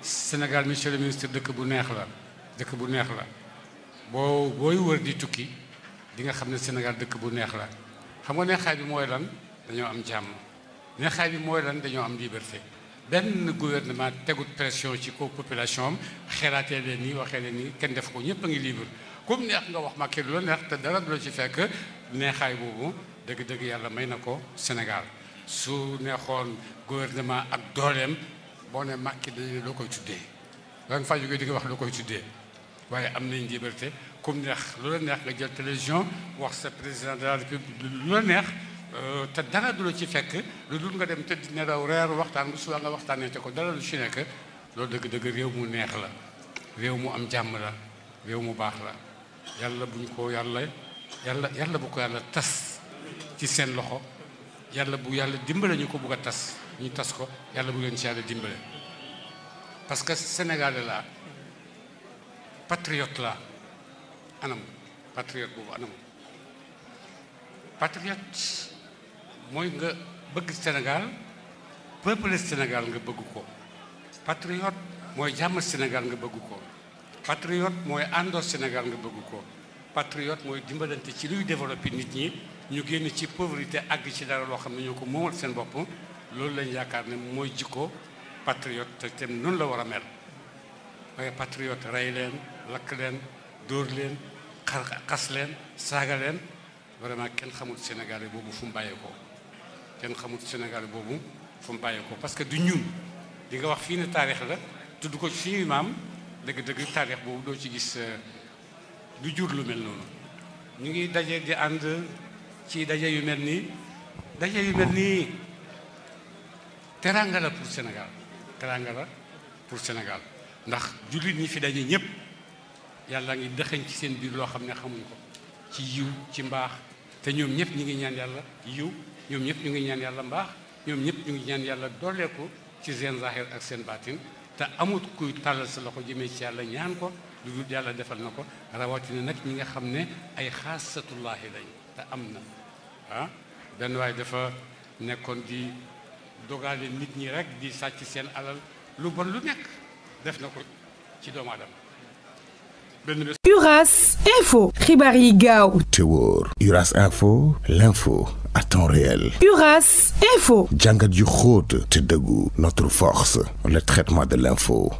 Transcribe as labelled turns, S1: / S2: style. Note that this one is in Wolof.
S1: Sénégal monsieur le ministre dëkk bu neex la dëkk bu neex la boo booy wër di tukki di nga xam ne Sénégal dëkk bu neex la xam nga neexaay bi mooy lan dañoo am jàmm neexaay bi mooy lan dañoo am liberté benn gouvernement tegut pression ci ko population am xelaatee leen nii waxee leen nii kenn def ko ñëpp a ngi libre comme neex nga wax Macky lu la neex te dara du ci fekk neexaay boobu dëgg-dëgg yàlla may na ko Sénégal su neexoon gouvernement ak dooleem boo ne Macky dañu ne loo koy tuddee la nga faa jógee di nga wax loo koy tuddee waaye am nañ liberté comme neex lu la neex nga jël télévision wax sa président de la république lu la neex te dara du la ci fekk lu dul nga dem tëdd nelaw reer waxtaan bu subaa nga waxtaanee te ko dara lu ci nekk loolu dëgg-dëgg réew mu neex la réew mu am jàmm la réew mu baax la yàlla buñ ko yàlla yàlla yàlla bu ko yàlla tas ci seen loxo yàlla bu yàlla dimbale ñu ko bugg a tas ñu tas ko yàlla bu ngeen ci yàlla dimbale parce que sénégalais la patriote la anam patriote boobu anam patriote mooy nga bëgg Sénégal peuple Sénégal nga bëgg ko patriote mooy jàmm Sénégal nga bëgg ko patriote mooy àndoo Sénégal nga bëgg ko patriote mooy dimbalante ci luy développé nit ñi ñu génn ci pauvreté àgg ci dara loo xam ne ñoo ko moomal seen bopp loolu lañ yaakaar ne mooy jikkoo patriote te tam noonu la war a mel waaye patriote rey leen lakk leen dóor leen xar xas leen saaga leen vraiment kenn xamul Sénégal yi boobu fu mu bàyyeekoo kenn xamul Sénégal boobu fu mu bàyyeekoo parce que du ñuul li nga wax fii ne taarix la tudd ko fii maam dëgg-dëgg taarix boobu doo ci gis euh, du jur lu mel noonu ñu ngi daje di ànd ci daje yu mel nii daje yu mel nii teranga la pour Sénégal teranga la pour Sénégal ndax jullit ñi fi daje ñëpp yàlla ngi dëxañ ci seen biir loo xam ne xamuñ ko ci yiw ci mbaax te ñoom ñëpp ñu ngi ñaan yàlla yiw ñoom ñëpp ñu ngi ñaan yàlla mbaax ñoom ñëpp ñu ngi ñaan yàlla dooleeku ci seen zahir ak seen baatin te amut kuy tàllal sa loxo jëmee ci yàlla ñaan ko lu dul yàlla defal na ko rawatina nag ñi nga xam ne ay xaasatullaahi lañ te am na ah, benn waaye dafa nekkoon di dogale nit ñi rek di sàcc seen alal lu bon lu nekk def
S2: na ko ci doomu aadama Uras Info. xibaar yi gaaw. te wóor. Uras Info l'info à temps réel. Uras Info. jàngat yu xóot te dëggu notre force le traitement de l'info.